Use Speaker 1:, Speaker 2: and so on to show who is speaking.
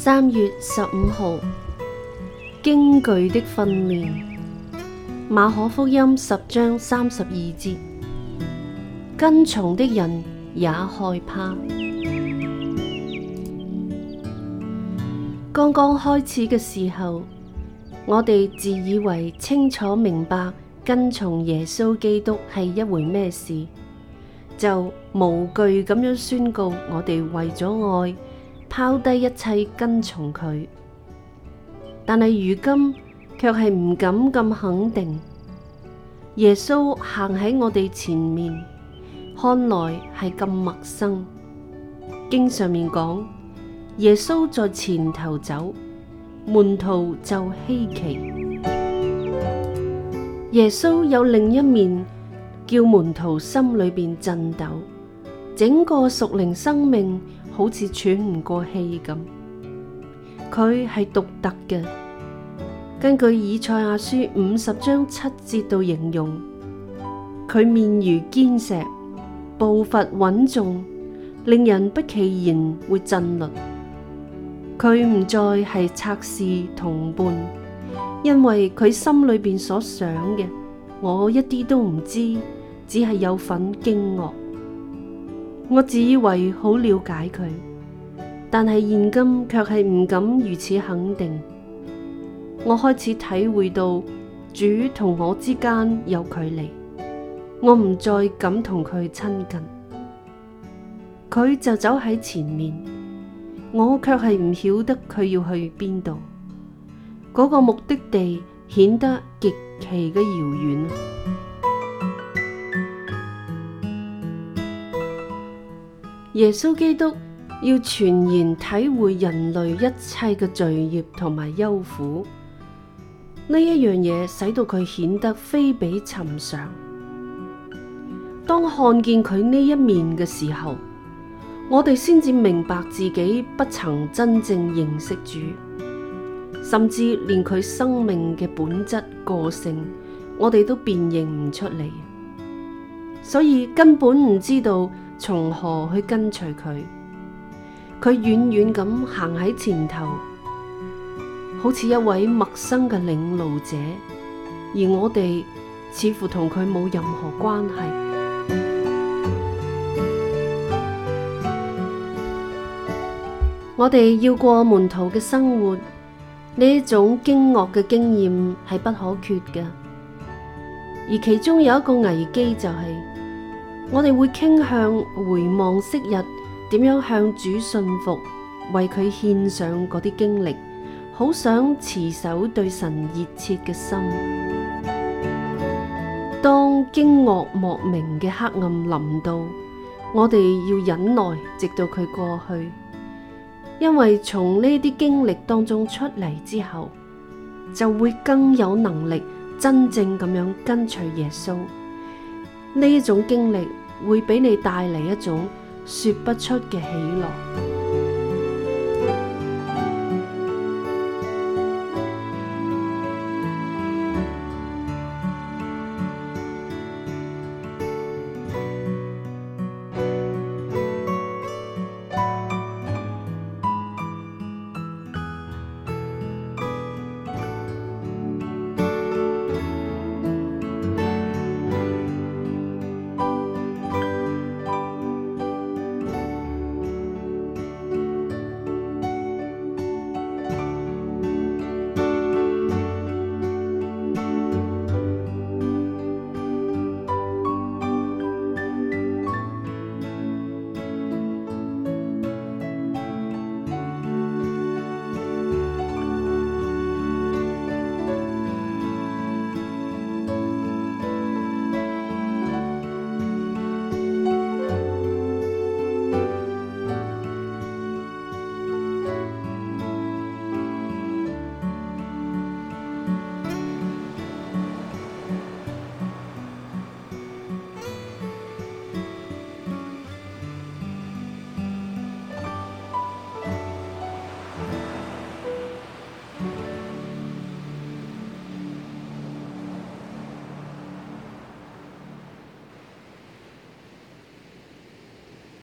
Speaker 1: 三月十五號，驚懼的訓練。馬可福音十章三十二節，跟從的人也害怕。剛剛開始嘅時候，我哋自以為清楚明白跟從耶穌基督係一回咩事，就無懼咁樣宣告我哋為咗愛。拋低一切跟從佢，但係如今卻係唔敢咁肯定。耶穌行喺我哋前面，看來係咁陌生。經上面講，耶穌在前頭走，門徒就稀奇。耶穌有另一面，叫門徒心裏面顫抖，整個屬靈生命。好似喘唔過氣咁，佢係獨特嘅。根據以賽亞書五十章七節度形容，佢面如堅石，步伐穩重，令人不其然會震慄。佢唔再係策士同伴，因為佢心裏邊所想嘅，我一啲都唔知，只係有份驚愕。我自以為好了解佢，但係現今卻係唔敢如此肯定。我開始體會到主同我之間有距離，我唔再敢同佢親近。佢就走喺前面，我卻係唔曉得佢要去邊度。嗰、那個目的地顯得極其嘅遙遠。耶穌基督要全然體會人類一切嘅罪孽同埋憂苦，呢一樣嘢使到佢顯得非比尋常。當看見佢呢一面嘅時候，我哋先至明白自己不曾真正認識主，甚至連佢生命嘅本質、個性，我哋都辨認唔出嚟，所以根本唔知道。從何去跟隨佢？佢遠遠咁行喺前頭，好似一位陌生嘅領路者，而我哋似乎同佢冇任何關係。 我哋要過門徒嘅生活，呢一種驚愕嘅經驗係不可缺嘅，而其中有一個危機就係、是。我哋會傾向回望昔日，點樣向主信服，為佢獻上嗰啲經歷，好想持守對神熱切嘅心。當驚愕莫名嘅黑暗臨到，我哋要忍耐，直到佢過去。因為從呢啲經歷當中出嚟之後，就會更有能力真正咁樣跟隨耶穌。呢種經歷，會俾你帶嚟一種說不出嘅喜樂。